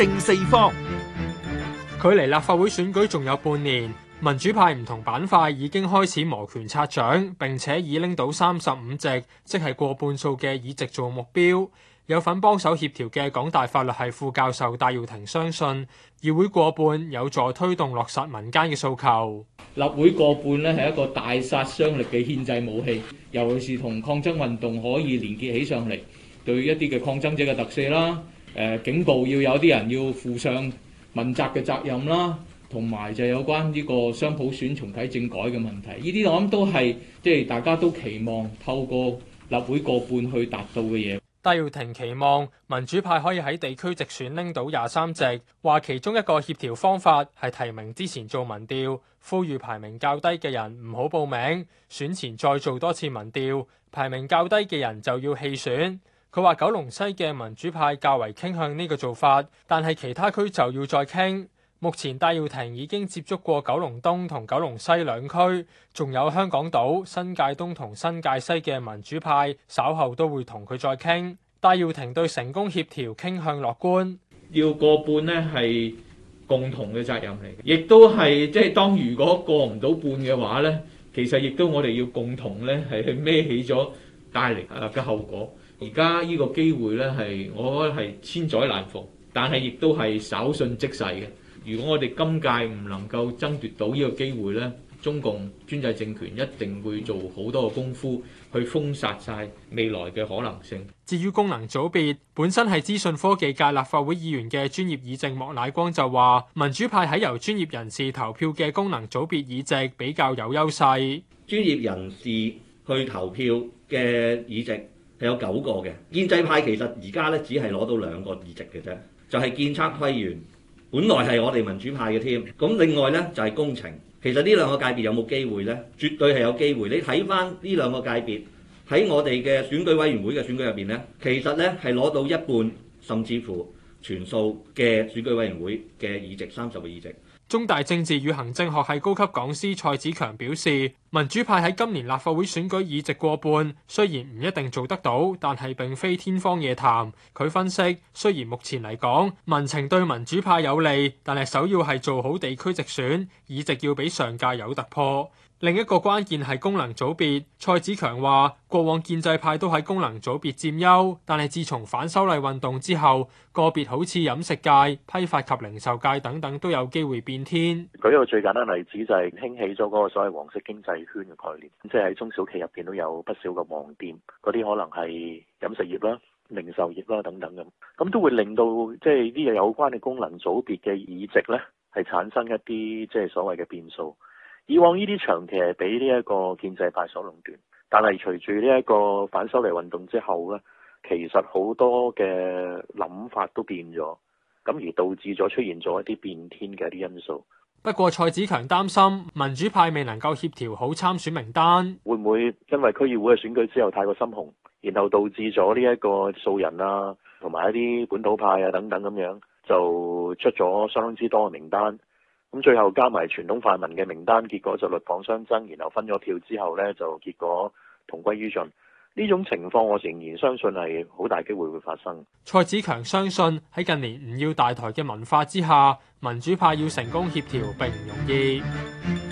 正四方，距離立法會選舉仲有半年，民主派唔同板塊已經開始摩拳擦掌，並且已拎到三十五席，即係過半數嘅，議席做目標。有份幫手協調嘅港大法律系副教授戴耀廷相信，議會過半有助推動落實民間嘅訴求。立會過半呢係一個大殺傷力嘅憲制武器，尤其是同抗爭運動可以連結起上嚟，對一啲嘅抗爭者嘅特色啦。問責要有啲人要負上問責嘅責任啦，同埋就有關呢個雙普選重啟政改嘅問題，呢啲我諗都係即係大家都期望透過立會過半去達到嘅嘢。戴耀廷期望民主派可以喺地區直選拎到廿三席，話其中一個協調方法係提名之前做民調，呼籲排名較低嘅人唔好報名，選前再做多次民調，排名較低嘅人就要棄選。佢話九龍西嘅民主派較為傾向呢個做法，但係其他區就要再傾。目前戴耀廷已經接觸過九龍東同九龍西兩區，仲有香港島、新界東同新界西嘅民主派，稍後都會同佢再傾。戴耀廷對成功協調傾向樂觀。要過半呢係共同嘅責任嚟，嘅，亦都係即係當如果過唔到半嘅話呢，其實亦都我哋要共同呢係孭起咗帶嚟啊嘅後果。而家呢個機會呢，係我覺得係千載難逢，但係亦都係稍縱即逝嘅。如果我哋今屆唔能夠爭奪到呢個機會呢，中共專制政權一定會做好多嘅功夫去封殺晒未來嘅可能性。至於功能組別本身係資訊科技界立法會議員嘅專業議政莫乃光就話：民主派喺由專業人士投票嘅功能組別議席比較有優勢。專業人士去投票嘅議席。係有九個嘅建制派，其實而家咧只係攞到兩個議席嘅啫，就係建測規園，本來係我哋民主派嘅添。咁另外咧就係工程，其實呢兩個界別有冇機會咧？絕對係有機會。你睇返呢兩個界別喺我哋嘅選舉委員會嘅選舉入邊咧，其實咧係攞到一半甚至乎全數嘅選舉委員會嘅議席，三十個議席。中大政治與行政學系高級講師蔡子強表示。民主派喺今年立法會選舉議席過半，雖然唔一定做得到，但係並非天方夜譚。佢分析，雖然目前嚟講民情對民主派有利，但係首要係做好地區直選，議席要比上屆有突破。另一個關鍵係功能組別。蔡子強話，過往建制派都喺功能組別佔優，但係自從反修例運動之後，個別好似飲食界、批發及零售界等等都有機會變天。舉一個最簡單例子就係興起咗嗰個所謂黃色經濟圈嘅概念，即係喺中小企入邊都有不少嘅網店，嗰啲可能係飲食業啦、零售業啦等等咁，咁都會令到即係呢個有關嘅功能組別嘅議席呢，係產生一啲即係所謂嘅變數。以往呢啲長期係俾呢一個建制派所壟斷，但係隨住呢一個反修例運動之後呢，其實好多嘅諗法都變咗，咁而導致咗出現咗一啲變天嘅一啲因素。不過蔡子強擔心民主派未能夠協調好參選名單，會唔會因為區議會嘅選舉之後太過心雄，然後導致咗呢一個素人啊，同埋一啲本土派啊等等咁樣就出咗相當之多嘅名單，咁最後加埋傳統泛民嘅名單，結果就鷸蚌相爭，然後分咗票之後呢，就結果同歸於盡。呢種情況，我仍然相信係好大機會會發生。蔡子強相信喺近年唔要大台嘅文化之下，民主派要成功協調並唔容易。